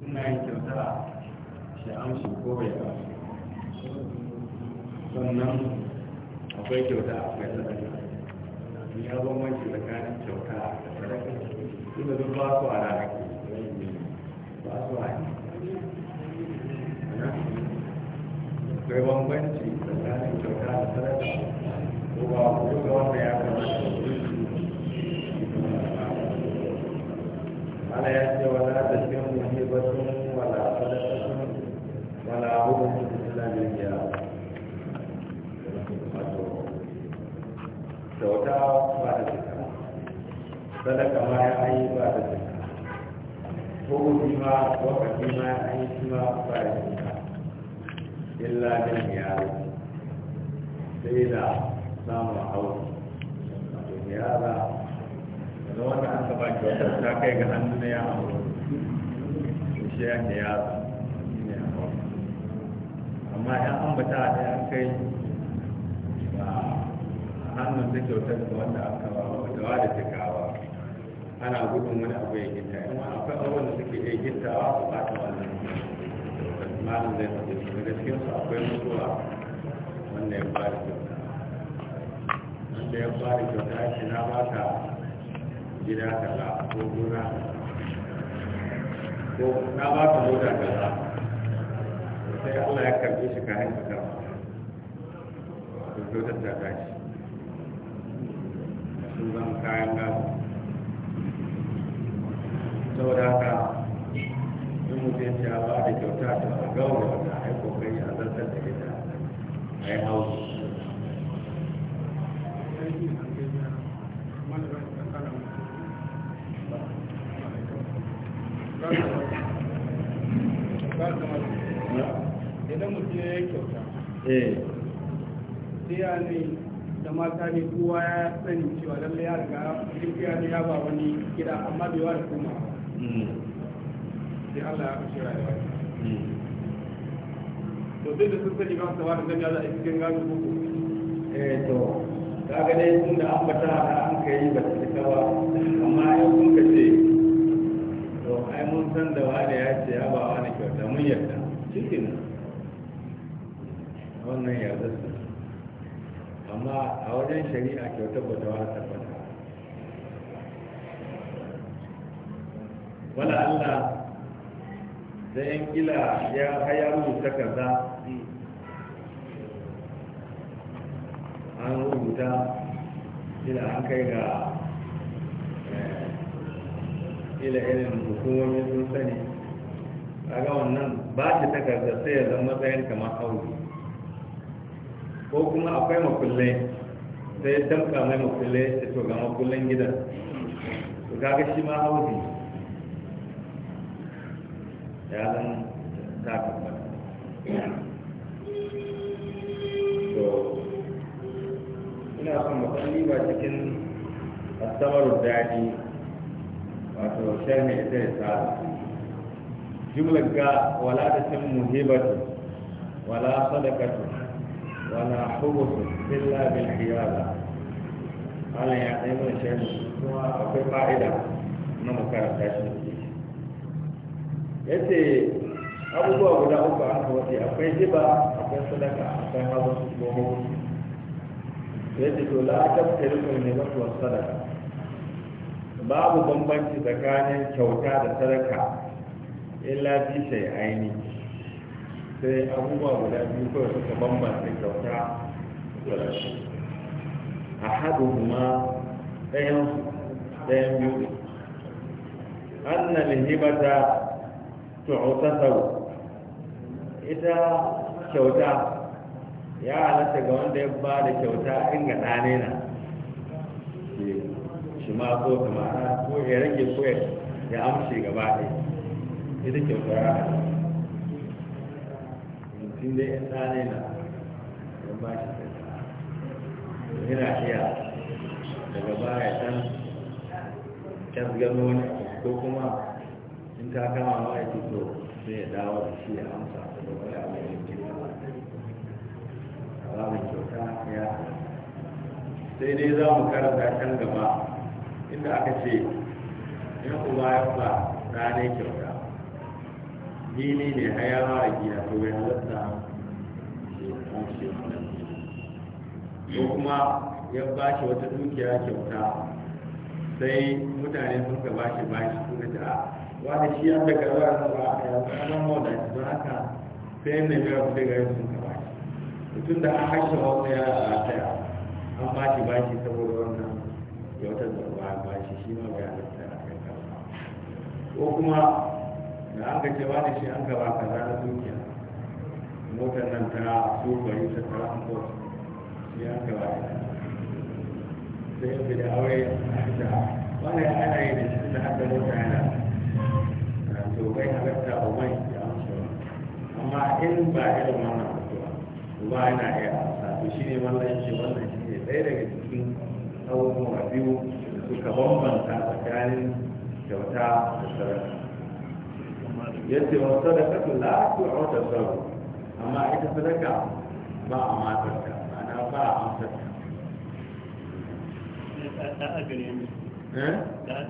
suna yin kyauta shi amshi ko bai ba sannan akwai kyauta akwai sadaka in ya bambanci tsakanin kyauta da sadaka duka duk ba su a ranar ba su a yi akwai bambanci tsakanin kyauta da sadaka ko ba ku duka wanda ya kamata Allah ya ce wala da shi musibatun wala fadatun wala hudun illa bil wato sauta ba da shi sadaka ma ya yi ba da shi hukumi ma wakati ma ya yi shi ma ba da shi illa bil sai da samun aure wato yara da wanda aka ba kyautar ta kai ga hannu na ya aure shi ya ke yaro amma ya ambata da ya kai ba hannun da kyautar da wanda aka ba wadawa da cikawa ana gudun wani abu ya gita in wani akwai abubuwan da suke iya gittawa su ba ta wannan malin zai tafi su daga cikinsu akwai mutuwa wanda ya ba kyauta wanda ya ba kyauta shi na ba ta gida kaza ko gona ko na ba ka mota kaza sai Allah ya karbi shi ka hanka ta ko ta ta ka shi sun zama kayan gado saboda haka yi mutum ya ba da kyauta ta gawar wata ai a zartar da ita yi hausu eh tiya ne da mata ne kowa ya sani cewa lalle ya riga duk ya ne ya ba wani gida amma bai wa da kuma sai Allah ya kashe rayuwa hmm. to duk da sun sani ba su wani zan ya a cikin gano koko eh to kaga dai tun da an bata an kai ba ta cika ba amma yau kun ka ce to ai mun san da wani ya ce ya ba wani kyauta mun yarda shi kenan wannan yadda su amma a wajen shari'a kyautar ba ta wata tabbata wala Allah sai yan kila ya haya rubuta kaza an rubuta kila an kai ga eh, ila irin hukumomi sun sani kaga wannan ba shi takardar sai ya zama matsayin kamar aure ko kuma akwai makullai sai ya tamka mai makullai da to ga makullan gidan to kaga shi ma hauzi ya zan ta tabbata to ina son matsalli ba cikin asabar daji wato shan mai ita ya sa jumlar ga wala da cin muhibatu wala sadakatu ولا حبس إلا بالحيادة قال يا أيمن شيخ وفي قاعدة نمو كانت تشمس yace abubuwa guda uku an kawace akwai jiba akwai sadaka akwai hazo gobe yace to la tafsiru min nibatu sadaka babu bambanci tsakanin kyauta da sadaka illa fi shay'aini sai abubuwa guda biyu kawai suka bambanta kyauta da rashi a haɗu kuma ɗayan ɗayan biyu ne ta lihibata sau ita kyauta ya halatta ga wanda ya ba da kyauta in ga ɗane na shi ma ko ta ma'ana ko ya rage ko ya amshi gaba ɗaya ita kyauta ya halatta dai yan tsane na don ba shi sadaka yana iya daga baya can can gano wani ko kuma in ta kama ma ya fito sai ya dawo da shi ya amsa da wani abu da yake ba mu kyauta ya sai dai za mu karanta can gaba inda aka ce yan uba ya fa ɗane kyauta fili ne hayawa a gida to bai halatta shekaru shekaru ko kuma ya ba shi wata dukiya kyauta sai mutane sun ka bashi bashi sun ka ta ah, wani shi an daga zuwa nan ba a yanzu an mawada shi don haka sai na biya kuɗi ga yin sun ka bashi mutum da an kashe wani a rataya an bashi bashi saboda wannan ya wata da ba bashi shi ma bai halatta a kai ko kuma da aka ce wani shi an gaba kaza na dukiya motar nan ta su bari ta transport shi an gaba da sai yau da aure da wani ana yi da shi da hada mota yana to bai halatta a mai ya amsa amma in ba irin wannan mutuwa ba yana iya amsa to shi ne wannan shi wannan shi ne ɗaya daga cikin abubuwa biyu suka bambanta tsakanin kyauta da sarrafa yace wa sadaqatu la tu'ta sabu amma ita sadaka ba a matarka ana ba a amsarka da a gare eh?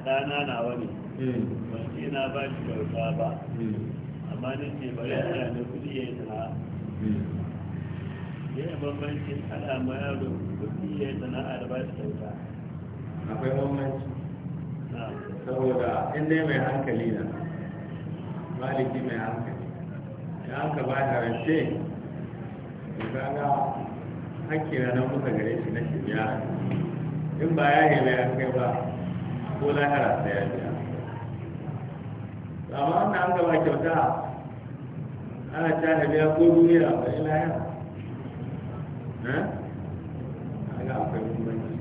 ɗana na wani wani hmm. na ba shi kyauta ba hmm. amma ni ce bari a yana da kuɗi ya yi sana'a hmm. yana bambancin ana ma yaro kuɗi ya yi sana'a da ba shi kyauta akwai bambanci saboda inda mai hankali na maliki mai hankali da aka ba da rance gaga hakki na nan muka gare shi na shirya in ba ya hebe an kai ba ko lahara sai ya biya amma wannan an gaba kyauta ana ta da biya ko duniya ba ila ya ga akwai bambanci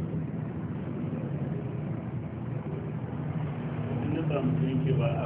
in na samu yanke ba a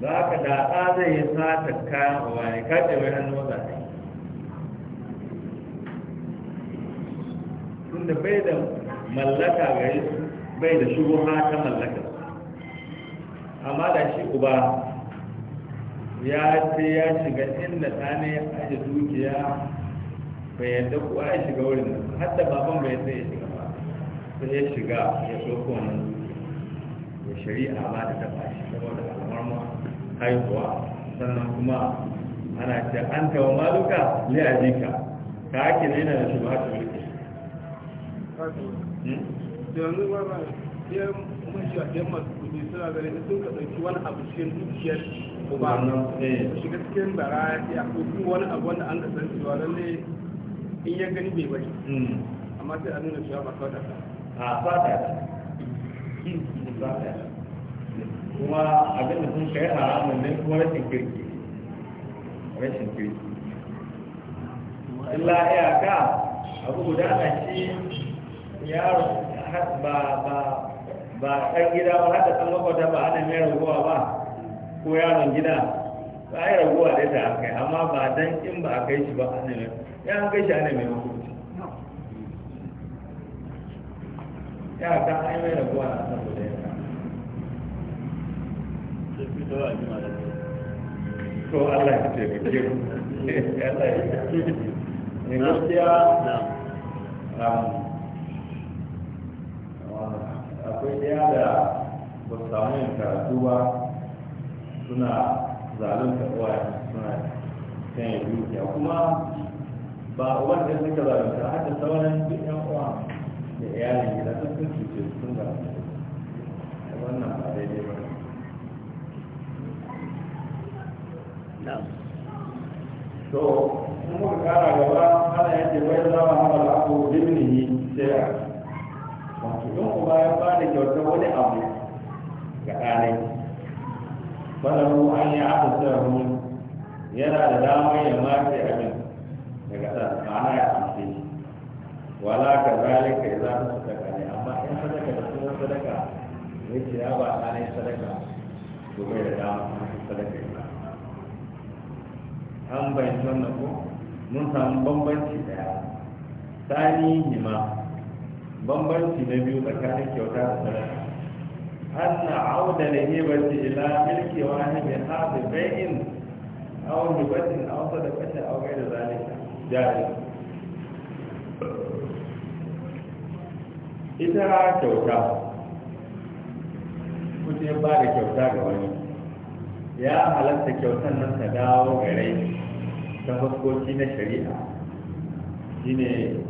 za ka da zai yi sata kayan ba ne kaɗe ce wai hannu za ta yi tunda bai da mallaka gare su bai da shugo ta mallaka amma da shi uba ya ce ya shiga inda ɗane a yi dukiya bai yadda kuwa ya shiga wurin nan hatta baban bai sai ya shiga ba sai ya shiga ya ɗauko wannan ya shari'a ba da tafashi da wadda haihuwa sannan kuma ana ce an tawa maluka a ajika ka ake ne da shi ba ta wuri ke ba shi a ɗan masu eh. ya wani abu wanda an san cewa lalle in ya gani bai bari hmm. amma sai a nuna cewa ba ta da a fata hmm, ta kuma abin da sun kai haramun nan kuma rashin kirki rashin kirki illa ka abu guda a shi yaro ba ba ba ɗan gida ba haka da makwata ba ana mai raguwa ba ko yaron gida ba a yi raguwa da ta kai amma ba dan in ba a kai shi ba ana mai ya an kai shi ana mai hukunci ya ka an yi raguwa na san Allah ya taimake mu Allah ya taimake mu gaskiya um, akwai ɗaya da ba su samu yin karatu ba suna zalunta uwaye suna kan yi dukiya kuma ba wanda suka ta haka sauran duk yan uwa da iyalin gida sun cuce sun zalunta wannan ba daidai ba to muka kara gaba ana yake wai zama haɓar aku yi shira wato don kuma ya ba da kyautar wani abu ga ɗanai mu an yi aka sarrafa yana da damar ya mace abin daga ɗan ma'ana ya amshe shi wala ka ka yi za ta daga ne amma in sadaka da sunan sadaka ya ce ya ba ɗanai sadaka to bai da damar sadaka ya ba an bayanci wannan ko mun samu bambanci daya tsani hima bambanci na biyu tsakanin kyauta da sadaka Hanna auda da hebati ila milki wani mai haɗe bayin awon hibatin auta da kashe aukai da zalika jari ita kyauta kuce ba da kyauta ga wani ya halatta kyautan nan ta dawo gare shi ta shi na shari'a shine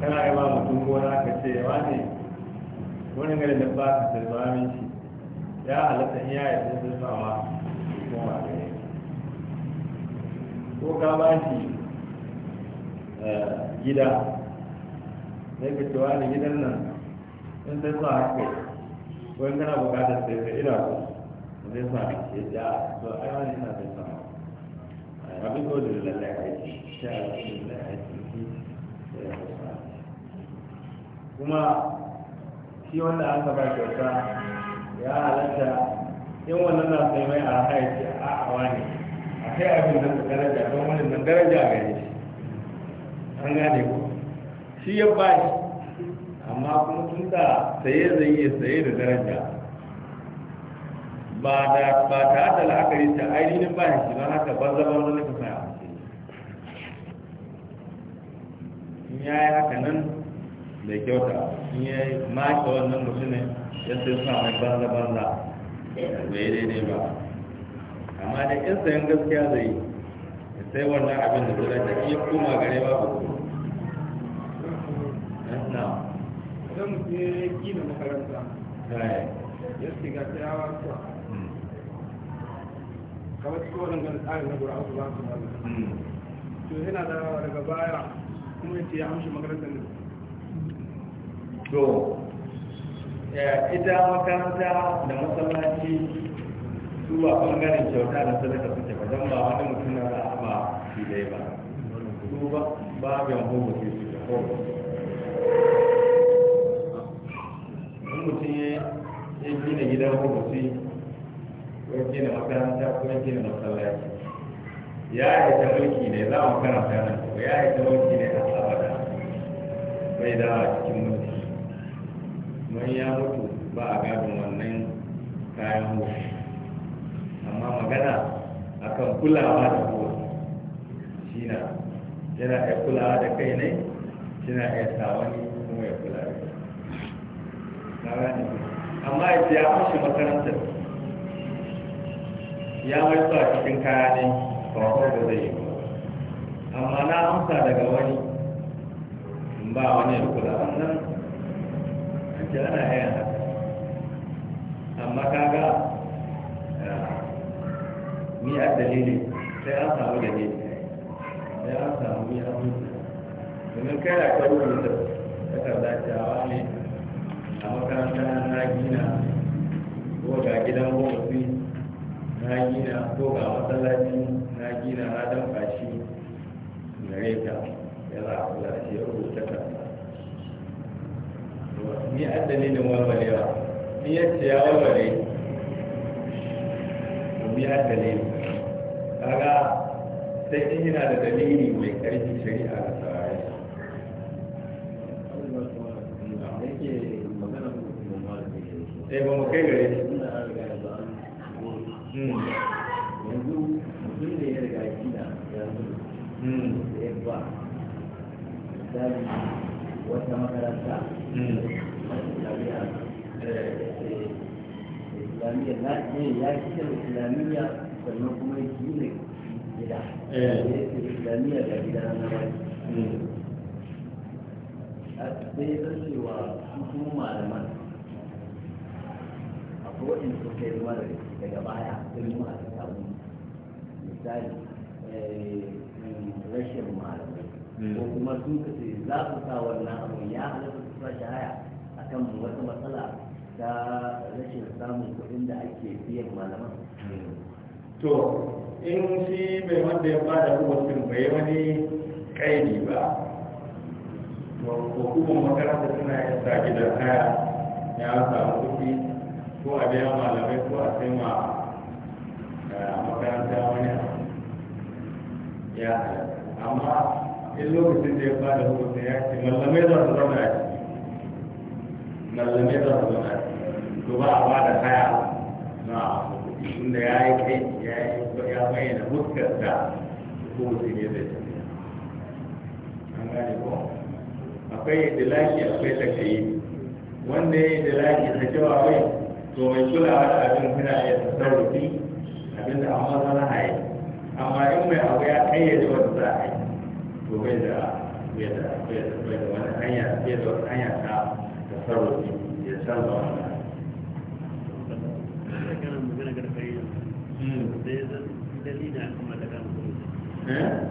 kana yi ba mutum gona ka ce wa ne wani gari da ba ka sarfa min ya halatta iya ya yi sun sarfa ma koma ga yi ko ka ba shi eh, gida na ka ce wa ne gidan nan in sarfa haka wani kana bukatar sai ka ina ko zai sa ya ce ya to ai wani ina sarfa abin dole da lalaci sha da hakiki da ya hausa kuma shi wanda kyauta ya halatta in wannan na sai mai a haiti a awa ne a kai abin da daraja don wani nan daraja gare an gane ku shi ya ba shi amma kuma tun da saye zai iya saye da daraja ba ta da la'akari ta ainihin ba shi don haka ban zama wani nufin mai amince in ya yi haka nan da kyauta in ya yi maka wannan mutumin ya sai suna mai banza banza bai daidai ba amma da in sayan gaskiya zai yi sai wannan abin da zira da ya koma gare ba ba ko na zan mutum ya yi gina makaranta ya shiga ta yawa kamar cikin waɗannan tsarin na gura su ba su ba hmm. to yana da daga baya kuma yace ya amshi makarantar ne to ita makaranta da masallaci su ba ɓangaren kyauta da sadaka suke ba don ba wani mutum na za a ba shi dai ba su ba ba ga hukumu sai su da kawai mutum ya gina gidan hukumu ko gina makaranta ko gina masallaci ya yi ta mulki ne za mu karanta nan ko ya yi ta mulki ne a abada bai da a cikin mulki mun ya mutu ba a gadon wannan kayan mulki amma magana akan kulawa da kowa shi na yana iya kulawa da kai ne shi iya sa wani kuma ya kula da kai amma ya ce ya amshi makarantar ya mai zuwa cikin kaya ɗin kawai da zai yi amma na amsa daga wani in ba wani ya kula wannan a ce ana yin haka amma kaga ni a dalilin sai an samu dalilin sai an samu ni a mutu domin kai da kai ta takarda cewa ne a makaranta na gina ko ga gidan yi. na gina ko ga masallaci na gina na dan fashi gare ka yana kula shi ya rubuta ka ni an dalilin walwalewa ni yadda ya walwale to ni an dalilin kaga sai ni yana da dalili mai karfi shari'a da sarari sai ba mu kai gare shi yanzu mutum da ya riga shi da yanzu hmm. da ya ba misali wata makaranta islamiyya hmm. islamiyya eh, eh, na ne eh, ya ci da islamiyya sannan kuma ya ci ne gida islamiyya da gida na wani hmm. sai ya san cewa su kuma malaman akwai waɗanda suka yi ruwa daga baya sai yi masu tabu misali eh, rashin malamai hmm. ko kuma su ka ce za su sa wannan abu ya halatta su sa shahaya kan wata matsala ta rashin samun kuɗin da ake biyan malaman hmm. to in shi bai wanda ya bada hukuncin bai wani kaini ba hukumar makaranta suna yin sa gidan haya ya samu kuɗi ko a biya malamai ko a sai ma eh, makaranta wani ya amma in lokacin da ya ba da hukunta ya ce malamai za su zama ya malamai za su zama to ba a ba da kaya na inda ya yi kai ya yi ya bayyana fuskar da hukuncin ya zai tafiya an gane ko akwai dilaki akwai takayi wanda ya yi dilaki ta cewa wai to mai kulawa da abin suna iya tasarrufi abin da amma sana haye amma in mai abu ya kayyade wata za a yi to bai da bai bai wani hanya bai da wata hanya ta tasarrufi ya canza wannan hmm.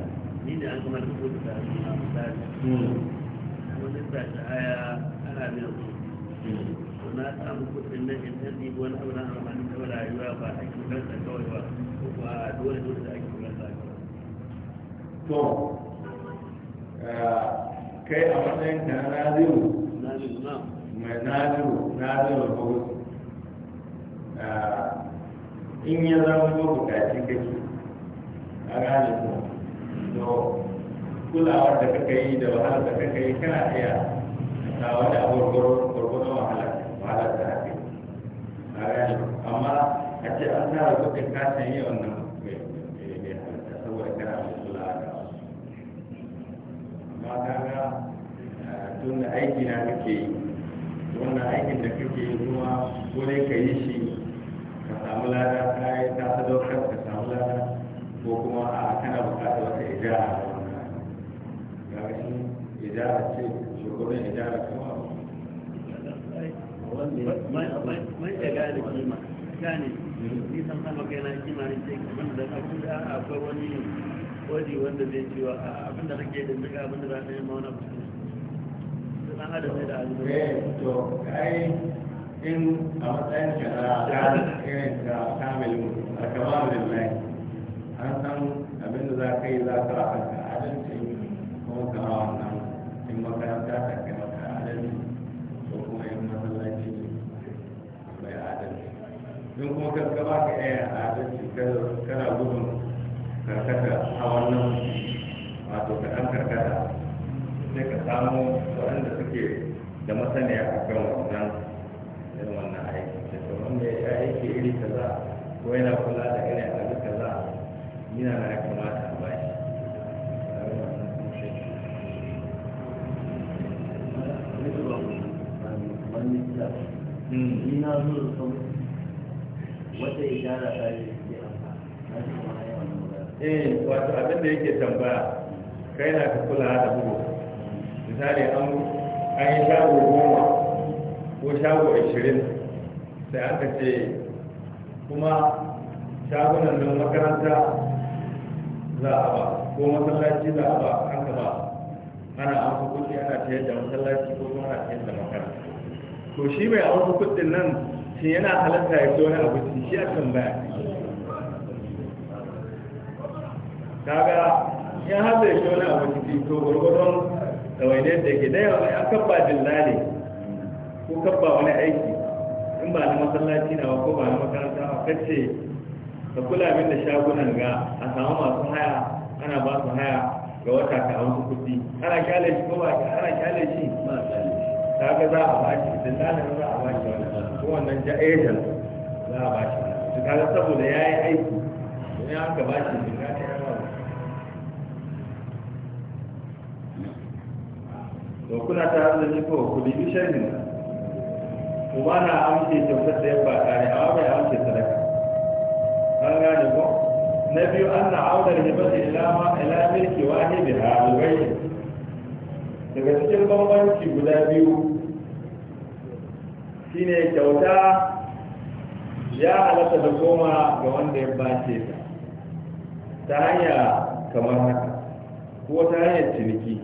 ni da an kuma da kudu da suna eh? hmm. wani sa ta aya ana biyan su hmm. na samu kudin nan in tarbi wani abu na amfani da rayuwa ba a kimarsa kawai ba ko ba dole dole da ake kimarsa to eh, kai a matsayin ka na naziru mai naziru naziru ko eh, in ya zama mabukaci kake a gane ko to kulawar da kaka yi da wahalar da kaka yi kana iya ta wani abubuwar halatta a kai a amma a ce an tara kuɗin kasan yi wannan bai da amma kaga tun aiki na kake yi wannan aikin da kake yi kuma ko ka yi shi ka samu lada ka yi ta sadaukar ka samu lada ko kuma a kana bukatar wata ijara da wannan ga shi ijara ce shugaban ijara kuma gane ni san sama kai na kimanin ce abin da abin da akwai wani wadi wanda zai cewa abin da nake da daga ba da ma wani yi mauna kusa dan adam ne da azumi eh to kai in a matsayin ka da irin ka kamil a kamar kamalin mai. an san abin da za ka yi za ka a kanka adalci kuma ka wannan in makaranta ta in kuma ka gaba ka a adalci kana gudun karkata a wannan wato ka ɗan karkata sai ka samu waɗanda suke da masaniya a kan wannan irin wannan aiki da kamar da ya aiki iri kaza ko yana kula da irin abu kaza yana na ya kamata a bashi Mm. wata ishara ta yi eh wato abin da yake tambaya kai na ka kula da bugu misali an an yi shago goma ko shago ashirin sai aka ce kuma shagunan nan makaranta za a ba ko masallaci za a ba an ba ana an fi kuɗi ana ta yadda masallaci ko kuma ana ta yadda makaranta to shi mai an kuɗin nan shi yana halatta ya ce wani abu shi a tambaya kaga ya haɗa ya ci wani abinci to gwargwadon ɗawainiyar da ke daya wani an kabba jilla ko kabba wani aiki in ba na masallaci na ko ba na makaranta ba kace ka kula min da shagunan ga a samu masu haya ana ba su haya ga wata ka an kuɗi ana kyale shi ko ba ana kyale shi ba kyale shi kaga za a ba shi dillalin za a ba shi wani to wannan da ajal za a bashi su kaga saboda ya yi aiki don ya haka bashi su ka ta yawa to kuna ta hanzari ko ku bibi ne ko ba na amince kyautar da yabba kare amma bai amince sadaka an gane ko na biyu an na audar hibata ila da wahibiha al-ghayr daga cikin bambanci guda biyu shine kyauta ya halatta da koma ga wanda ya bace ta ta hanya kamar haka ko ta hanyar ciniki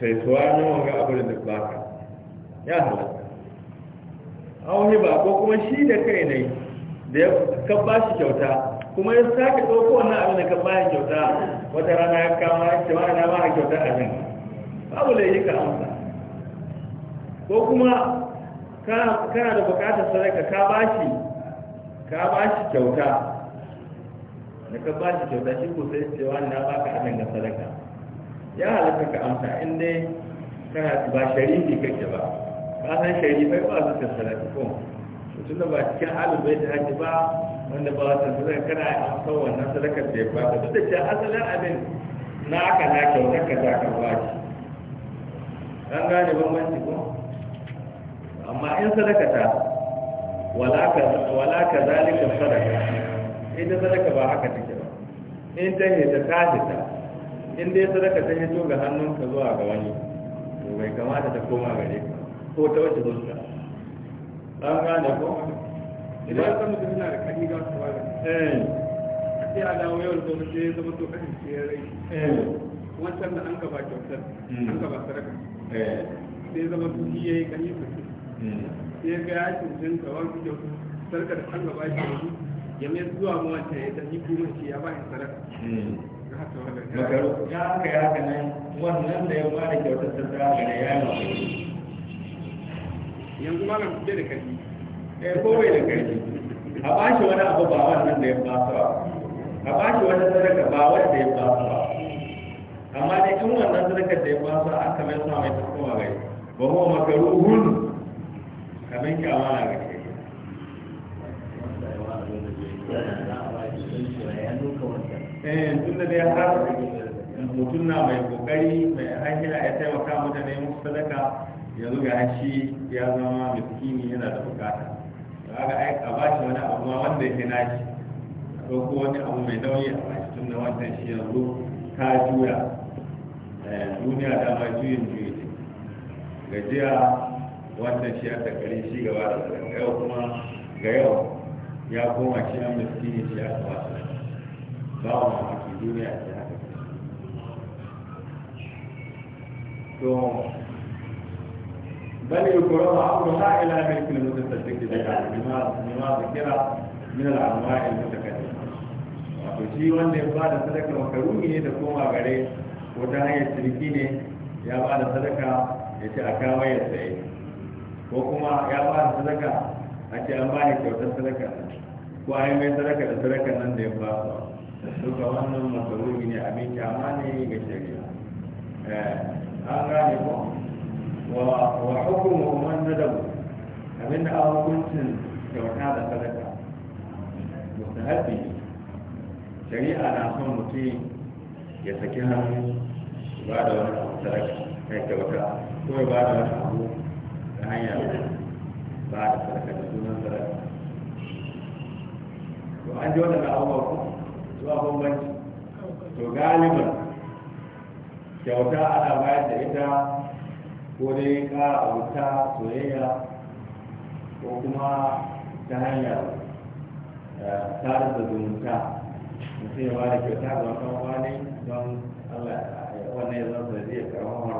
sai tuwa ne wanga abin da baka ya halatta auhi ba ko kuma shi da kai ne da ya kabba shi kyauta kuma ya sake ɗauko wannan abin da kan ya kyauta wata rana ya kama ya ce ma na ba kyauta abin babu da yi ka amsa ko kuma kana da bukatar sadaka ka bashi ka shi kyauta da ka bashi kyauta shi ko sai cewa na ka abin da sadaka ya halatta ka amsa in dai kana ba sharifi kake ba ka san sharifai ba su sadaka ko mutum da ba cikin halin bai da haji ba wanda ba wata sadaka kana amsa wannan sadakar da ya baka duk da cewa asalin abin na aka na kyauta ka za ka bashi an gane bambanci ko amma in sadaka ta wala ka zalika sadaka in da sadaka ba haka take ba in ta yi ta hita in dai sadaka ta hito ga hannunka zuwa ga wani to bai kamata ta koma gare ka ko ta wace zuciya an gane ko idan ka mutu yana da kani ga su wala eh. sai a dawo yau da mutum ya zama to kashin ce ya rai eh. wancan da an gaba kyautar hmm. an gaba sadaka eh. sai zama su shi ya yi kani su sai ga ya cancanta wani da sarkar an gaba shi yanzu ya mai zuwa ma wanda ya tafi kuma shi ya ba shi sarka hmm. makaru ya aka ya haka nan wannan da ya ba da kyautar ta ta ga ya yi yanzu ma nan da kaji eh ko bai da kaji a ba shi wani abu ba wannan da ya ba su a ba shi wani sadaka ba wanda ya ba su amma dai in wannan sadakar da ya ba su an kamar sa mai ta koma gai ba kuma makaru hun ka banki amana ga kai eh tun da dai har mutum na mai kokari mai hankila ya taimaka mata ne musu sadaka yanzu ga shi ya zama miskini yana da bukata kaga ai a bashi wani abu ma wanda yake nashi ko ko wani abu mai nauyi a bashi tun da wannan shi yanzu ka juya eh, duniya da ma juyin juyi gajiya wannan shi a takare shi gaba da tsarin yau kuma ga yau ya koma shi an ne shi a gaba su ba wa mamaki duniya ta haka to koro ba abu ta ila milkil mutasaddiq da ka bima da kira min al-anwa' al wato shi wanda ya bada sadaka makaruni ne da koma gare ko ta hanyar ciniki ne ya bada sadaka ya ce a kawai ya tsaye. ko kuma ya ba da sadaka a ce an ba kyautar sadaka ko an yi mai sadaka da sadaka nan da ya ba su duka wannan masaruri ne abin kyama ne ga shari'a eh, an gane ko wa hukumu na nadabu abin da an hukuncin kyauta da sadaka haɗi shari'a na son mutum ya saki hannu ba da wani sadaka kai kyauta ko ya ba da wani abu ta hanyar ba da sarka da sunan sarka to an ji waɗanda abubuwa ko zuwa bambanci to galiban kyauta ana bayar da ita ko dai ƙara auta soyayya ko kuma ta hanyar tarin eh, da zumunta mutum ya ba da kyauta ga wani don Allah ya wannan ya zama zai karɓar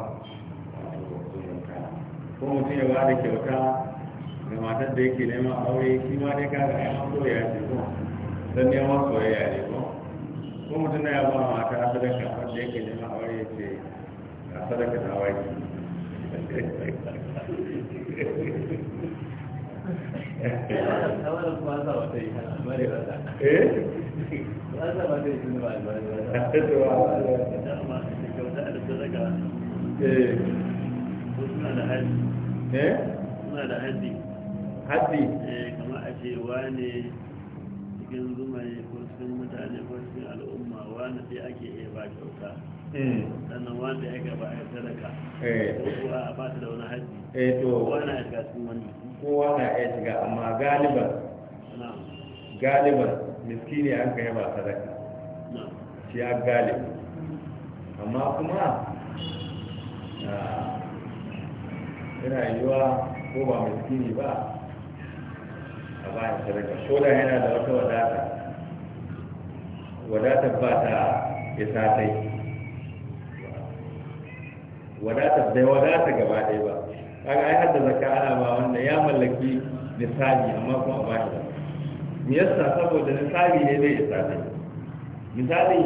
ko mutum ya bada kyauta ga matar da yake neman aure shi ma dai kaga ai an ya ce ko dan neman ya ne ko ko mutum ya ba mata sadaka wanda yake neman aure ya ce ga sadaka ta wai eh, eh. eh. eh muna da haddi haddi eh kamar a ce wane cikin zumaye ko cikin mutane ko cikin al'umma wani sai ake iya ba kyauta hmm. sannan wanda ya gaba ya sadaka eh. ko kuwa a ba da wani haji eh to wani ya shiga cikin wani kowa na iya shiga amma galiban galiban miskini an kai ba sadaka shi ya galibi amma kuma ah, yana yiwa ko ba mai tsini ba a bayan sadaka ko da yana da wata wadata wadatar ba ta isa sai wadatar bai wadata gaba ɗaya ba kaga ai hadda zakka ana ba wanda ya mallaki nisabi amma kuma a bashi zakka me yasa saboda nisabi ne bai isa sai misali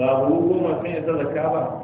ba buhu goma sun isa zakka ba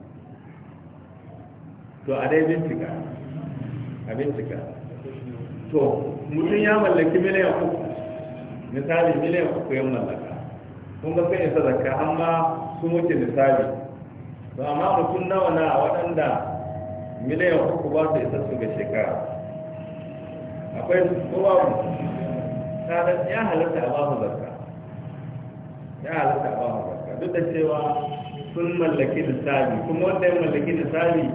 to a dai bincika a bincika to mutum ya mallaki miliyan uku misali miliyan uku ya mallaka kun ga sun isa zakka amma sun wuce misali to amma mutum nawa na waɗanda miliyan uku ba su isa su ga shekara akwai kowa ta ya halatta a mu zakka ya halatta a mu zakka duk da cewa sun mallaki misali kuma wanda ya mallaki misali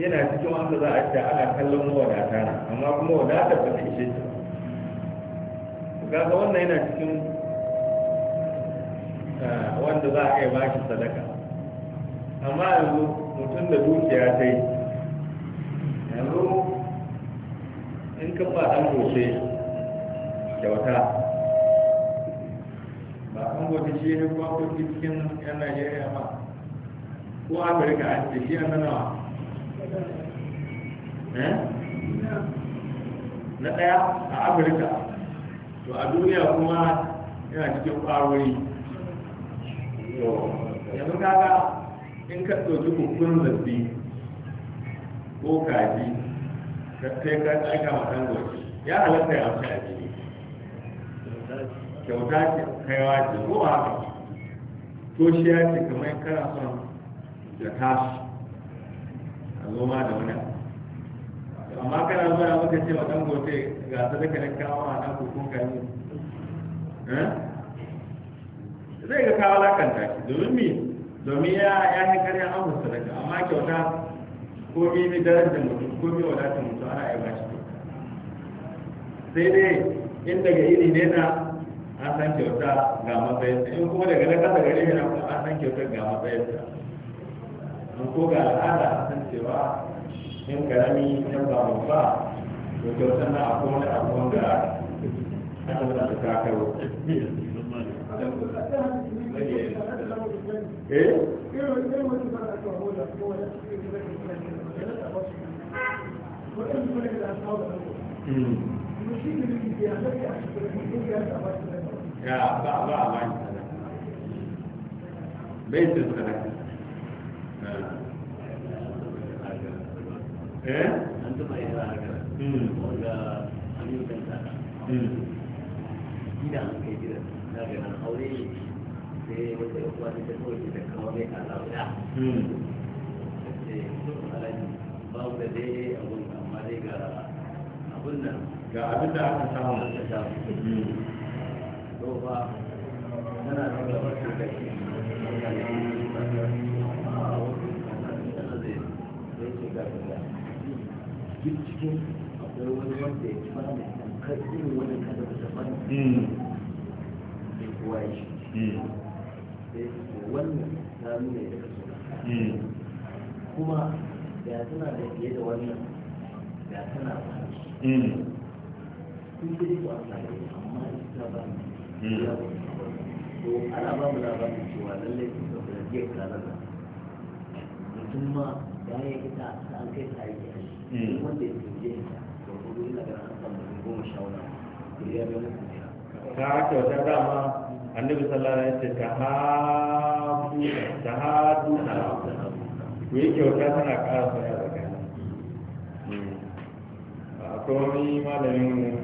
yana cikin wanda za a ce ana kallon mawadata na amma kuma wadata ba ta ishe ta gaba wannan yana cikin eh, wanda za a iya ba shi sadaka amma yanzu mutum da dukiya ta yi yanzu in ka ba an goce kyauta ba an goce shi ne kuma cikin yan najeriya ba ko amurka a ce shi yana Eh? na ɗaya a afirka to a duniya kuma yana cikin ƙwarori yanzu kaga in ka ɗauki kukkun zafi ko kaji ka kai ka aika ma ɗan gobe ya halatta ya amsa a ne kyauta ce kaiwa ce ko haka to shi ya ce kamar kana son da tashi zoma da wani amma kana zuwa muka ce wa dan gote ga sadaka na kawo a nan kukun kani eh? zai ga kawo lakanta shi domin mi domin ya ya yi karya an musu sadaka amma kyauta ko mi mi darajar mutum ko mi wadatar mutum ana yi ba shi sai dai in daga iri ne na an san kyauta ga matsayinsa in kuma daga na kasa ne na kuma an san kyautar ga matsayinsa ko ga al'ada a san cewa 'yan karami yan babu ba to san na ko wani abu wanda a san da eh hmm. ya ba ba ba ba eh an taba ga aure sai wata ya kuwa ta kawai da kama abin da aka samu da ta samu to ba tana da gabar da kake yake gafin da duk cikin akwai wani wanda ya ci mana kan irin wani kada da hmm. hmm. da ya shi wannan ta nuna ya kaso hmm. kuma ya tana da fiye da wannan ya tana ba shi kun ji ko an amma ita ba ne to ana ba mu labarin cewa lallai kun ga bulaje kaza mutum ma bayan ita ta an kai ta yi hmm. wanda ya tuje ta to kuma ina ga an samu goma sha wani ya ga mutum ta kyauta dama annabi sallallahu alaihi wasallam ta hadu ta hadu na ku yi kyauta tana ƙara soyayya tsakanin hmm. akwai wani malamin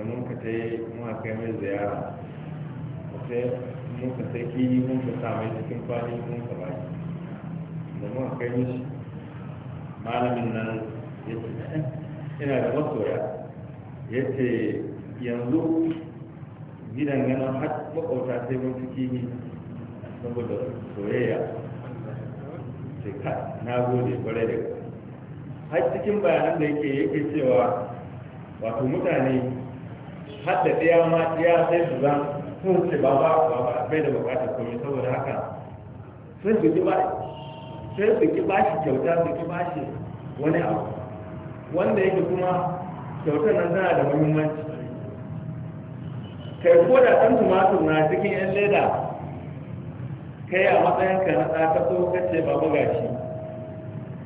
da mun ka tai mun kai mai ziyara sai mun ka sai kini mun ka sa cikin fali mun ka domin a kai mishi malamin nan ya ce eh, ina da masoya ya ce yanzu gidan gana har makwauta sai mun fi ni saboda soyayya ce ka na gode kwarai da har cikin bayanan da yake yake cewa wato mutane har da ɗaya ma ɗaya sai su zan sun ce ba ba ba bai da bukatar komai saboda haka sun ji ba sai su ki bashi kyauta su ki bashi wani abu wanda yake kuma kyautar nan tana da muhimmanci kai ko da ɗan tumatur na cikin 'yan leda kai a matsayin ka na ɗaka so kace ba buga shi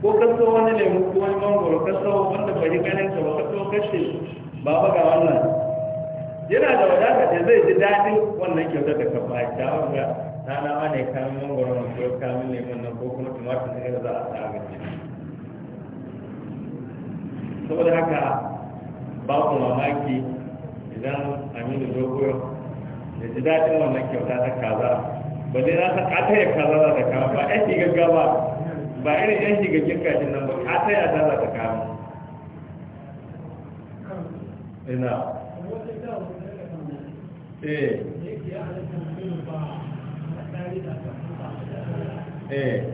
ko ka so wani lemu ko wani mangoro ka so wanda yi ganin ka ba ka so kace ba buga wannan yana da wadata da zai ji daɗin wannan kyautar da ka ba ta ga ta ma da ya mangoro na ko kamin lemon nan ko kuma tumatir ne da za a sa ga saboda haka babu mamaki idan aminu dogo ya ji daɗin wannan kyauta ta kaza ba zai na ta kata ya kaza za ta kama ba yan shiga gaba ba irin yan shiga jirgin nan ba kata ya za ta kama ina eh a eh.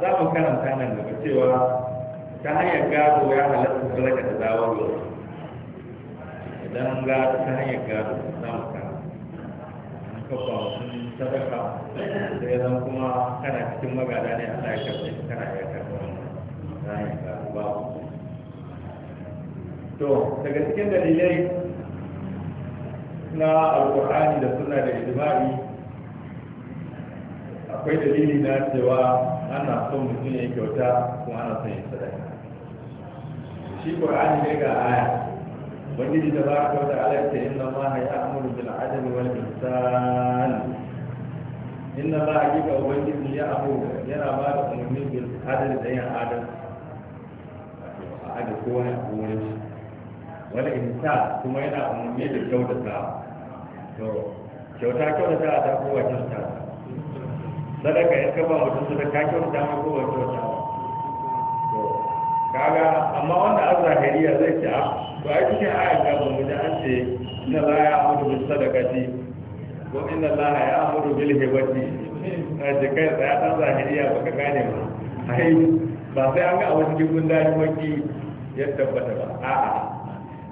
za mu karanta nan daga cewa ta hanyar gado ya halatta da zawon yau idan ta hanyar gado za mu karanta an kafa sadaka da ya zama kuma kana cikin magana ne a sa ya kana ta hanyar gado ba to daga cikin dalilai na alkur'ani da suna da ijma'i akwai dalili na cewa ana son mutum ya yi kyauta kuma ana son ya sadaka shi qur'ani ne ga aya ubangiji da ba ka wata ala ce inna ma ya amuru bil adli wal ihsan inna ma hakika ubangiji ya abu yana ba da umarni bil adli da yin adal a da kowane kowane wani insa kuma yana umarni da kyautata to kyauta kyautata a ta kowa kyauta sadaka ya kaba mutum sadaka kyauta ma kowa kyauta to kaga amma wanda an zahiriya zai ci a ah, to a cikin ayan ga ba mu da an ce inna la ya amuru bil sadaqati ko inna la ya amuru bil hibati a ce kai tsaya dan zahiriya baka gane ba ai ba sai an ga a wasu cikin gundari waki ya tabbata ba a'a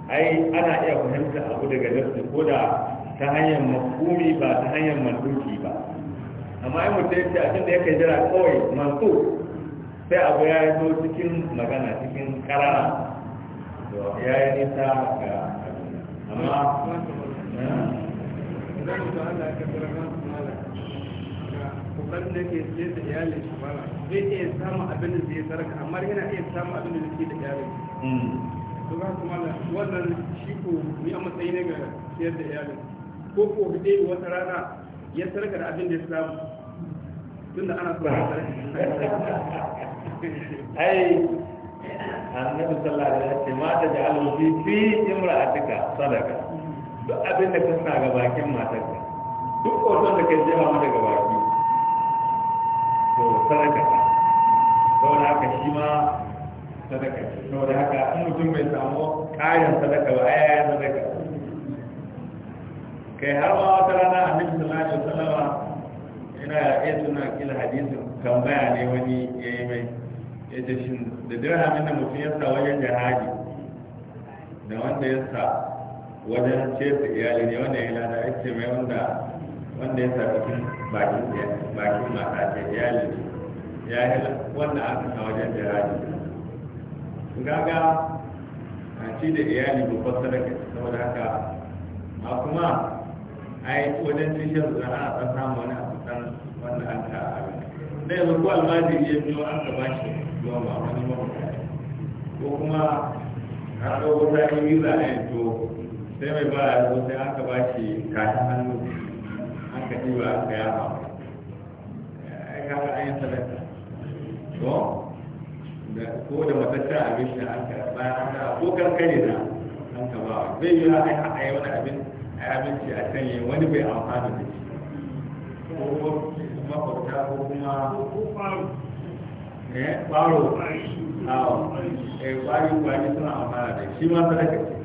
ai ana iya fahimtar abu daga nafsi ko da ta hanyar makumi ba ta hanyar manduki ba amma in mutum a abin da yake jira kawai mansu sai abu ya yi zo cikin magana cikin karara ya yi nisa ga amma kokarin da yake ce da iyalin shi ba zai iya samun abin da zai sarka amma yana iya samun abin da zai da iyalin to ga kuma wannan shi ko ni a matsayi ne ga ciyar da iyalin ko ko dai wata rana ya sarka da abin da ya samu tunda ana so ya sarka ai annabi sallallahu alaihi wasallam ma ta ja'alu fi fi imra'atika sadaka duk abin da ka sa ga bakin matarka duk hoton da ka jefa mata ga baki sadaka saboda haka in mutum bai samu sadaka ba ya yi sadaka kai har ma wata rana a nan sallallahu alaihi wasallama ina iya tuna kila tambaya ne wani ya yi mai ya ce shi da dirhamin da mutum ya sa wajen jihadi da wanda ya sa wajen cesa iyali ne wanda ya lada ya ce mai wanda wanda ya sa cikin bakin mata ce iyali ya yi wanda aka sa wajen jihadi gaga a ci da iyali babban sadaka saboda haka ba kuma a yi wajen tushen zana a ɗan samu wani a ɗan wanda an ta abin da yanzu ko almajiri ya biyo an ka ba shi biyo ma wani mabuta ko kuma an ɗauko wata yi wiza a yin to sai mai ba a yanzu sai an ka ba shi kashin hannu an ka ɗiba an ka ba eh, ai kaga an yi sadaka to da ko da matatta abin da an karɓa ana ko kankare na an ka ba zai yi ai a yi wani abin a abinci a can yi wani bai amfana da shi ko kuma makwabta ko kuma ko eh, ƙwaro a ƙwari eh, ƙwari suna amfana da shi ma sadaka ce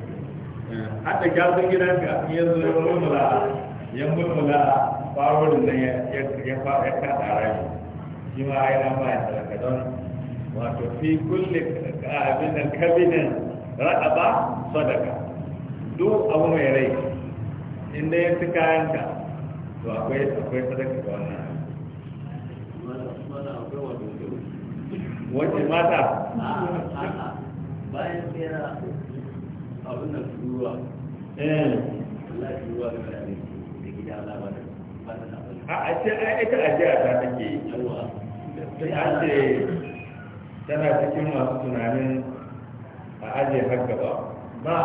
eh, hatta gasun gidanka in ya zo ya mulmula ya mulmula ƙwarorin nan ya kada a rayu shi ma ya na ba ya sadaka don wato fi kulle abin da kabinin ra'aba sadaka duk abu mai rai inda ya fi kayanka to akwai akwai sadaka ga wannan wace mata bayan tsera abin da turuwa eh Allah turuwa da kare da gida Allah ba da ba da a ce ai ita ajiya ta take yi a ce tana cikin masu tunanin a ajiye har gaba ba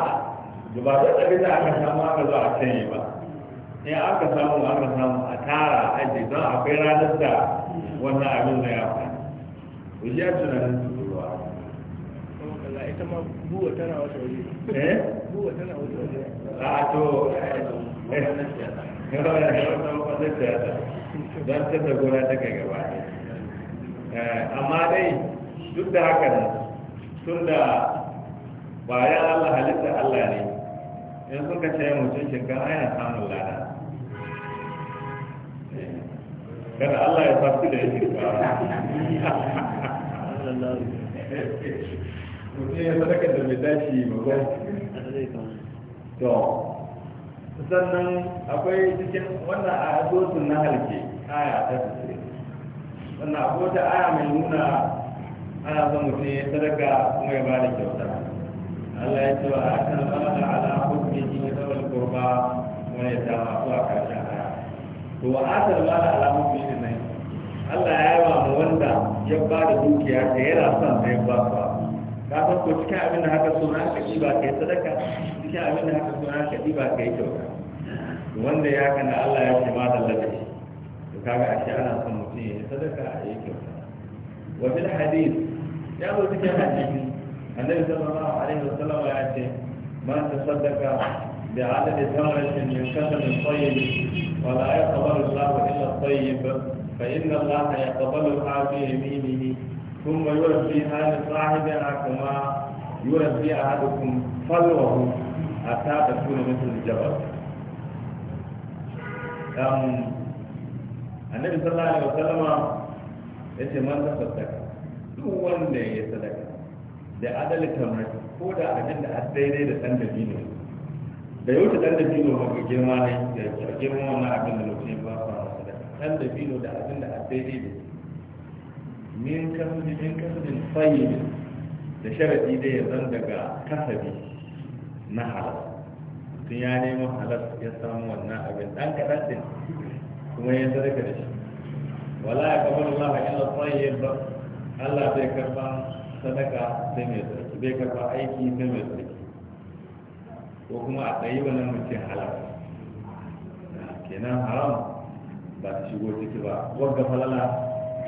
ba da abin da aka samu aka zo a canye ba in aka samu aka samu a tara a ajiye don akwai ranar da wannan abin da ya faru ku ji a tunanin turuwa ita ma buwa tana wata waje eh buwa tana wata waje a to eh, ne da don ta da gona ta kai gaba eh, amma dai duk da haka nan tun da bayan Allah halitta Allah ne in suka ce mutum shinkan aina samun lada kada Allah ya fasu da yake mutum ya sadaka da mai dashi ba to sannan akwai cikin wannan a na halke aya ta wannan abota aya mai nuna ana son mutum ya sadaka kuma ya ba da kyauta Allah ya ce wa akan mala ala hukmihi wa zawal qurba wa ya ta masu a karshen aya to wa akan mala ala hukmihi ne Allah ya yi wa wanda ya ba da dukiya ta yana son da ya ba ba ka san ko cikin abin da haka suna ka ba ka yi sadaka cikin abin da haka suna ka ba ka yi kyauta wanda ya kana Allah ya ce ma dallaka shi to kaga ashe ana son mutum ya sadaka a yi kyauta wa bil hadith ya zo cikin hadisi annabi sallallahu alaihi wasallam ya ce man tasaddaqa bi adad tamratin yunkasu min tayyib wa la yaqbalu Allahu illa tayyib fa inna Allaha yaqbaluha bi yaminihi thumma yurfiha li sahibiha kama yurfi ahadukum falwahu hatta takuna mithlu al-jabal annabi sallallahu alaihi wasallama yace man tasaddaqa duk wanda ya sadaka da adal kamar ko da abin da an daidai da ɗan dabino da yau ta ɗan dabino ba ga girma ne da girma wani abin da lokacin ba fa sadaka ɗan dabino da abin da an daidai da min kasudin min kasudin fayyid da sharadi dai ya zan daga kasabi na halal tun ya nemo halal ya samu wannan abin ɗan kaɗan din kuma ya sadaka da shi wala ya kamar Allah illa tayyib ba Allah bai karɓa sadaka sai mai tsarki bai karɓa aiki sai mai tsarki ko kuma a tsayi nan mutum halal kenan haram ba ta shigo ciki ba wadda falala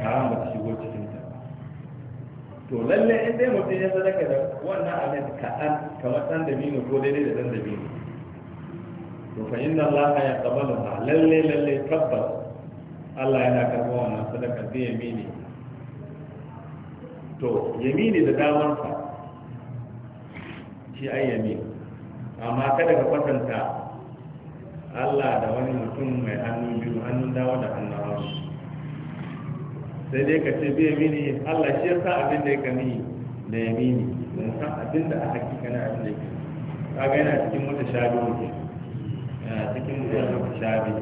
haram ba ta shigo cikin ta to lalle in dai mutum ya sadaka da wannan abin kaɗan kamar ɗan dabino ko daidai da ɗan dabino to fa inna Allah ya qabalu lalle lalle tabbas Allah yana karɓa wannan sadaka zai mini. to yamini da damansa shi ai yamin amma kada ka kwatanta Allah da wani mutum mai hannu biyu hannun dawa da hannun hagu sai dai ka ce biya mini Allah shi yasa abin da ya kami da Yamini don san abin da a hakika na abin da ya kaga yana cikin mutu shabi mutum yana cikin mutu shabi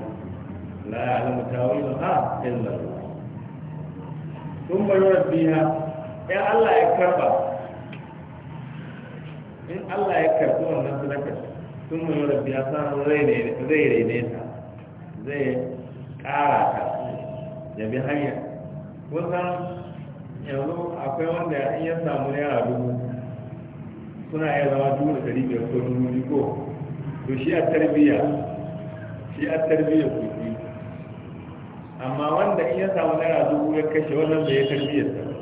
la ya alamu tawilu ha ah, illa sun bayar biya in Allah ya karba in Allah ya karbi wannan sadakar sun mai rabbi ya samu zai ta zai ƙara ta ya bi hanya kusan yanzu akwai wanda in ya samu naira dubu suna iya zama dubu da ɗari biyar ko dubu biyu ko to shi a tarbiyya shi a tarbiyya kuɗi amma wanda in ya samu naira dubu ya kashe wannan bai ya tarbiyyarsa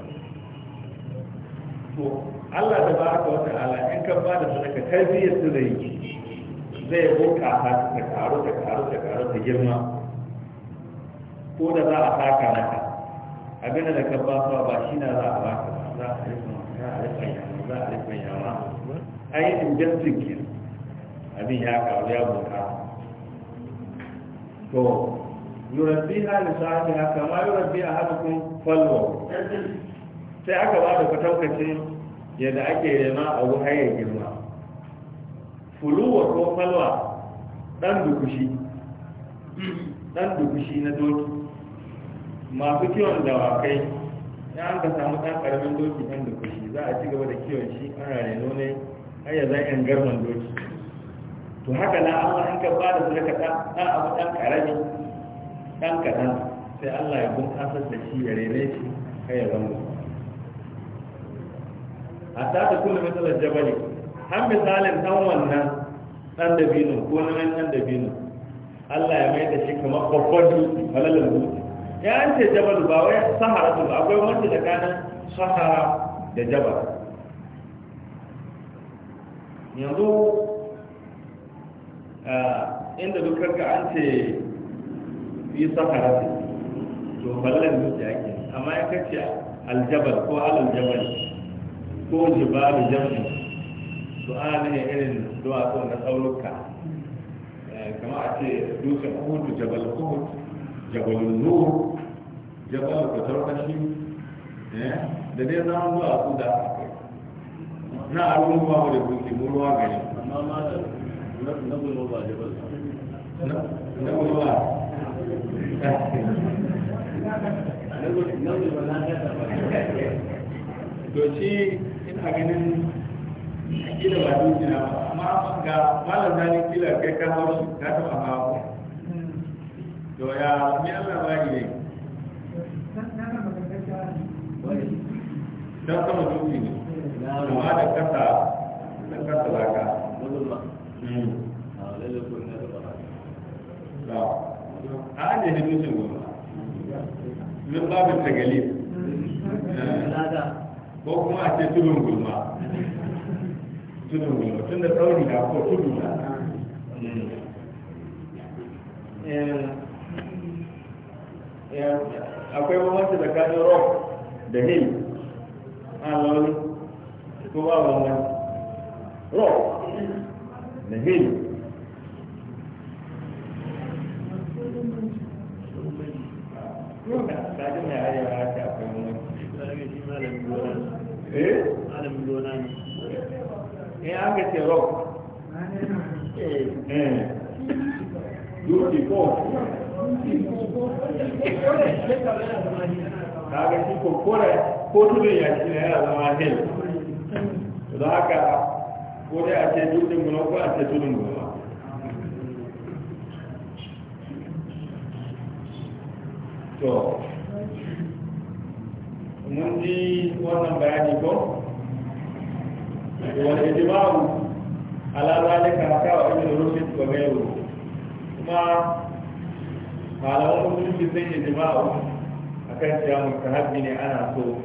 to Allah da ba ka wata ala in ka ba da sadaka tarbiyyar su zai yi zai bunƙasa ta karu ta karu ta karu ta girma ko da za a saka maka abin da ka ba su ba shi na za a ba ka za a kuma za a yi yawa za a yi yawa an yi injancin ke abin ya karu ya bunƙasa to yurabbi halin haka ma yurabbi a halin falwa sai aka ba da kwatankwacin yadda ake rena a wuha ya girma fuluwa ko falwa ɗan dukushi ɗan dukushi na doki masu kiwon dawakai ya an ka samu ɗan ƙaramin doki ɗan dukushi za a ci gaba da kiwon shi an rane ne har ya zai yan garman doki to haka na Allah an ka ba da sadaka ɗan abu ɗan ƙarami ɗan kaɗan sai Allah ya bunƙasar da shi ya rene shi har ya zama hatta ta kulle matsalar jabali har misalin dan wannan ɗan dabino ko na nan da dabino Allah ya mai da shi kamar babban dutse falalin dutse ya an ce jabal ba wai sahara ba akwai wanda tsakanin sahara da jabal yanzu inda dukkan ka an ce yi sahara to falalin dutse ake amma ya kace aljabal ko alal jabal ko jibalu jam'i su'ali ne irin duwatsu na tsaunuka eh, kama a ce dutsen uhud jabal uhud jabalun nur jabal kutarkashi eh, da dai zama duwatsu da aka na abin ruwa da buki mu ruwa gani amma ma da na gulma ba jabal na gulma na gulma na gulma na to shi ina ganin kila ba dukina ba amma ga zani kila kai ka hau shi ka taɓa hawa to ya mi Allah ba ne dan kama duki ne amma da kasa da kasa ba ka hmm. a an yi hidin shi goma min babin tagali ko kuma a ce tudun gulma tudun gulma tun da tsauri na ko tudu na eh, eh, akwai bambanci rock da hill lori ko ba rock da hill Yau ka tsakin mai arewa eh malamin gona ne eh ce rock eh eh duki ko shi ko ko zama da haka ko dai a ce tudun gona ko a ce tudun gona to mun ji wannan bayani ko wani ijima'u ala zalika kawo ibn rushd wa ghayru kuma malaman musulunci sun yi jima'u a kan cewa mustahabbi ne ana so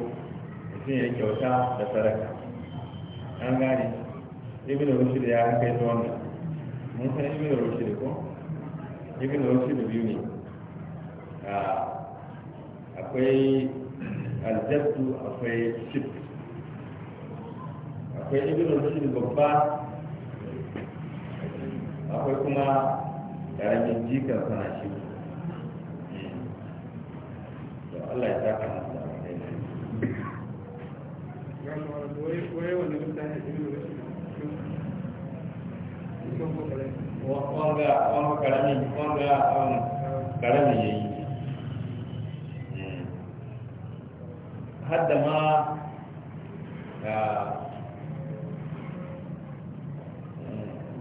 mutum ya kyauta da sadaka an gane ibn rushd ya haka ita wannan mun san ibn rushd ko ibn rushd biyu ne ah, akwai aljabdu akwai shi akwai ibn rushd babba akwai kuma karamin jikar sana shi to Allah ya saka masa da kai wanga wanga karamin wanga karamin yayi hadda ma eh,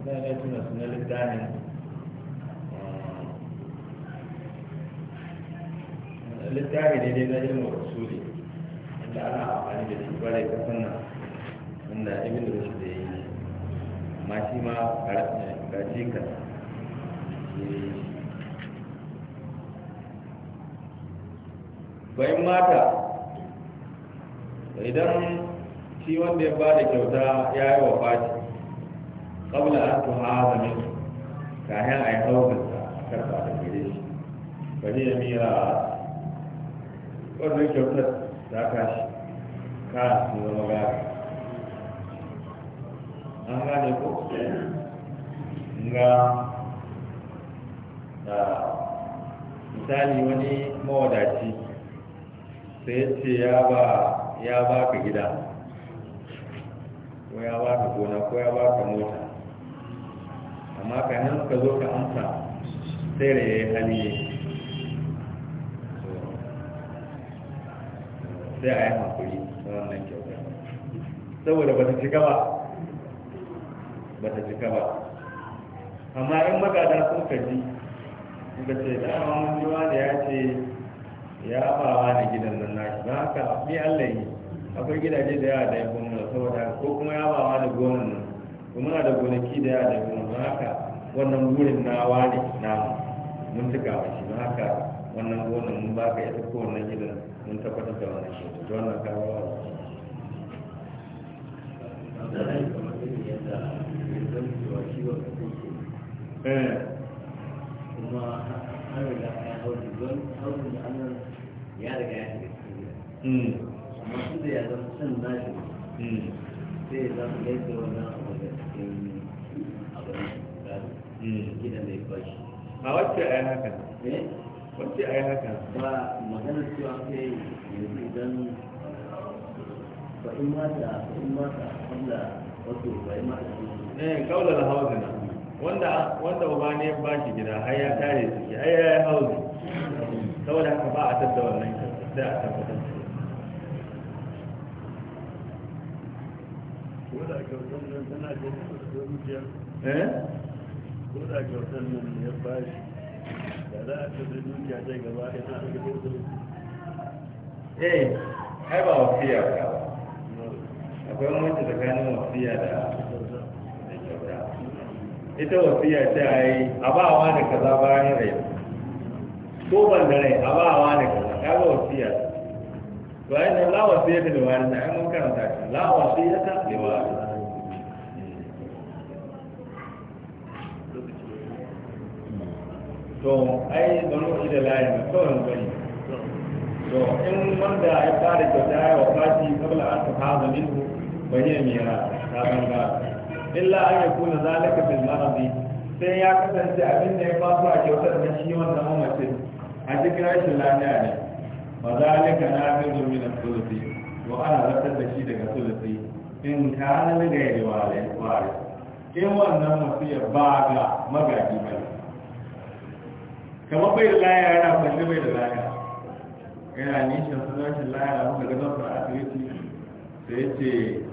tuna littafin eh, littafi ne na ilmu rasuli inda ana amfani da shi ba da inda ibn rushd ya yi shi ma bayan mata idan shi wanda ya ba da kyauta ya yi wa fati kabla an tuha da min kayan a yi haukarsa a karfa da gare shi bari ya mira wannan kyautar za ka shi ka su zama gara an gane ko ga misali wani mawadaci sai ce ya ba ya baka gida ko ya baka gona ko ya baka mota amma ka nan ka zo ka amsa sai da ya yi hali ne sai a yi hankuri na wannan kyauta saboda ba ta cika ba ba ta cika ba amma in magada sun kaji suka ce da amma wani ya ce ya bawa da gidan nan nashi don haka bi allah yi akwai gidaje da yawa da ya kuma saboda ko kuma ya bawa da gonan nan kuma na da gonaki da yawa da ya kuma haka wannan burin na ware namu mun tuka shi don haka wannan gonan mun baka ya ko wannan gidan mun tabbatar da wannan shi eh. da wannan kawo wa kuma an riga ya hau da don hau da annan ya riga ya shiga cikin gida hmm. amma su da ya zama nashi hmm. sai ya zama ya ce abu da cikin hmm. abu da bashi a wacce a yi haka eh? wacce a yi haka ba magana cewa yanzu idan ba mata mata wato da hausa eh, wanda wanda uba ne ya bashi gida har ya tare su ai ya hausa saboda haka ba a tattara wannan sai a tabbatar da ko da kyautar nan tana da zuciya eh ko da kyautar nan ya bashi da za a tadda zuciya zai gaba idan na da kyautar eh ai ba wasiya akwai akwai da tsakanin wasiya da ita wasiya a yi a ba wa da kaza bayan rai ko ban da rai a bawa ne kaza ka ga wasiya to ai na la wasiya ta liwari na an mun karanta shi la wasiya ta liwari to ai don ku da layin to an bane to in wanda ya fara kyauta ya wafati kabla an ta fara minhu bayyana mira ta banga illa an kuna zalika bil maradi sai ya kasance abin da ya faso a kyautar na shi wannan mamacin a cikin rashin lafiya ne ba za a lika na fi zumi na sulusi to ana zartar da shi daga sulusi in ka na daga yi ware in wannan musiya ba ga magaji ba kamar bai da laya yana kwalli bai da laya yana nishin su rashin laya da muka gazon a asibiti sai ce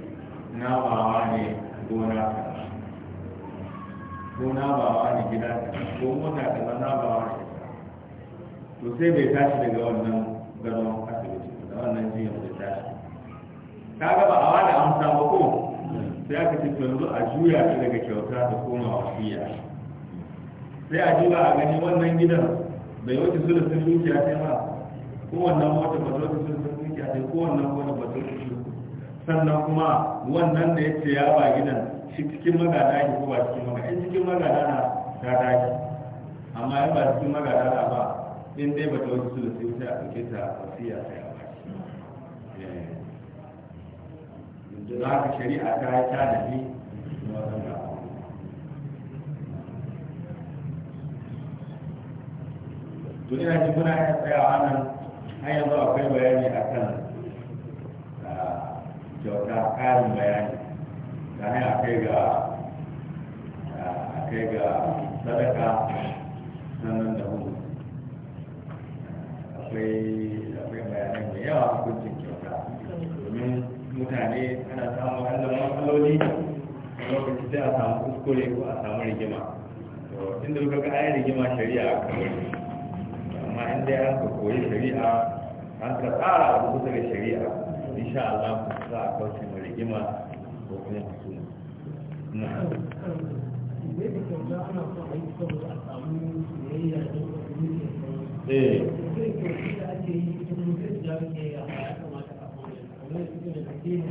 na bawa ne gona gona bawa ne gida ko mota ta na bawa ne to sai bai tashi daga wannan gano asibiti da wannan jinyar da tashi ka ga ba a wada amsa ba ko sai aka ce yanzu a juya ta daga kyauta da koma wasiya sai a juya a gani wannan gidan bai wuce sulusun dukiya sai ba ko wannan mota ba ta wuce sulusun dukiya sai ko wannan mota ba ta wuce sannan kuma wannan da ya ce ya ba gidan shi cikin magada ne ko ba cikin magada in cikin magada na ta daki amma in ba cikin magada na ba in dai bata wasu sulusi wuta a ɗauke ta wasiya ta yawa ce da haka shari'a ta yi tanadi na wadanda to ina ji muna iya a nan har yanzu akwai bayani a kan kyauta ƙarin bayani ta hanyar kai ga kai ga sadaka mutane ana samun hannun matsaloli lokacin sai a samu kuskure ko a samu rigima inda kuka ga ayin rigima shari'a a kamar amma in dai an ka koyi shari'a an ka tsara a kusa da shari'a sha Allah za a kauce mai rigima ko kuma husuma na Eh. eh. to in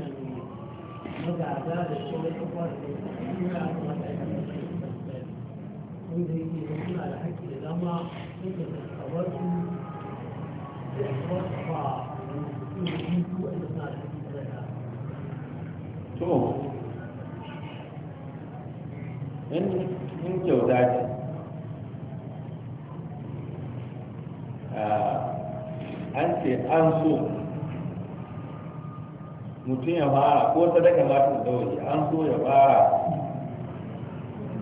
kyauta ce an ce an so mutum ya fara ko sadaka ma ta dauri an so ya fara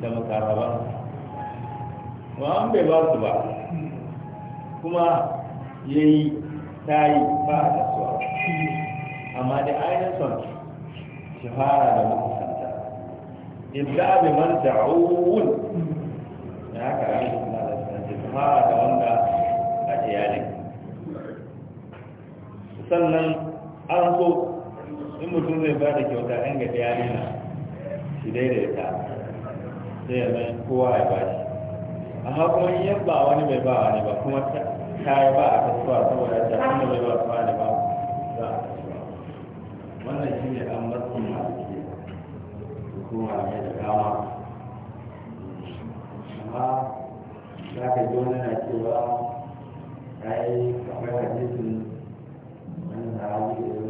da makaraban ba an bai ba su ba kuma ya yi ta yi ba a kasuwa amma da ainihin son shi fara da makusanta ibda bi man da'un ya haka ainihin suna da sanarci ta fara da wanda a iyalin sannan an so in mutum zai ba da kyauta ɗan ga ɗaya na shi daidaita sai ya zai kowa ya ba shi amma kuma in yan ba wani bai ba wani ba kuma ta yi ba a kasuwa saboda ta tunda bai ba kuma da ba za a kasuwa wannan shi ne an matsin masu ke hukuma ne da dama amma za ka yi wani na cewa yi kamar hadisin wani na hadisin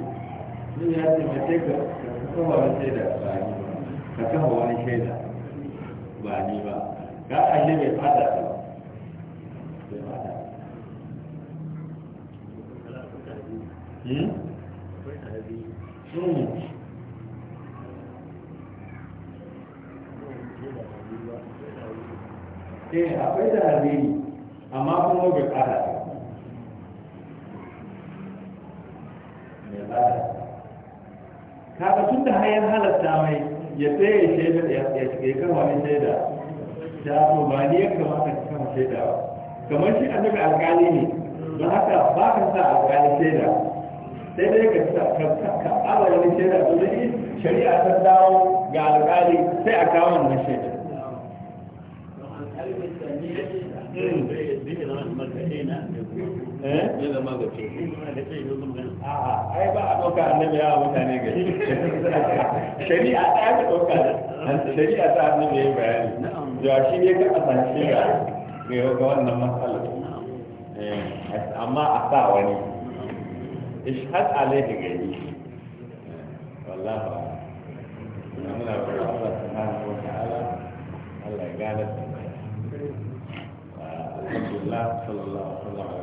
shi ya taimake ka kafa wani shaida ba ni ba ka kafa wani shaida ba ni ba ashe bai fada ba hmm? Hmm. eh akwai da hariri amma kuma bai fada ba bai fada kaga tun da hayar halatta mai ya tsaye shaidar ya shiga kama ni shaida ta so ba ni ya kamata ka kama shaida ba kamar shi annabi alƙali ne don haka ba ka sa alƙali shaida sai dai ka sa ka aba wani shaida to dai shari'a ta dawo ga alƙali sai a kawo wannan shaida yake zama kamar ka daina eh ya zama ga ce ai ba a ɗauka annabi ya mutane ga shari'a ta ka ɗauka shari'a ta annabi ya yi bayani ya shi ne ka kasance ga ga wannan matsalar amma a sa wani ishhad alaihi gari wallahi muna fara Allah subhanahu wa ta'ala Allah ya gane رسول الله صلى الله عليه وسلم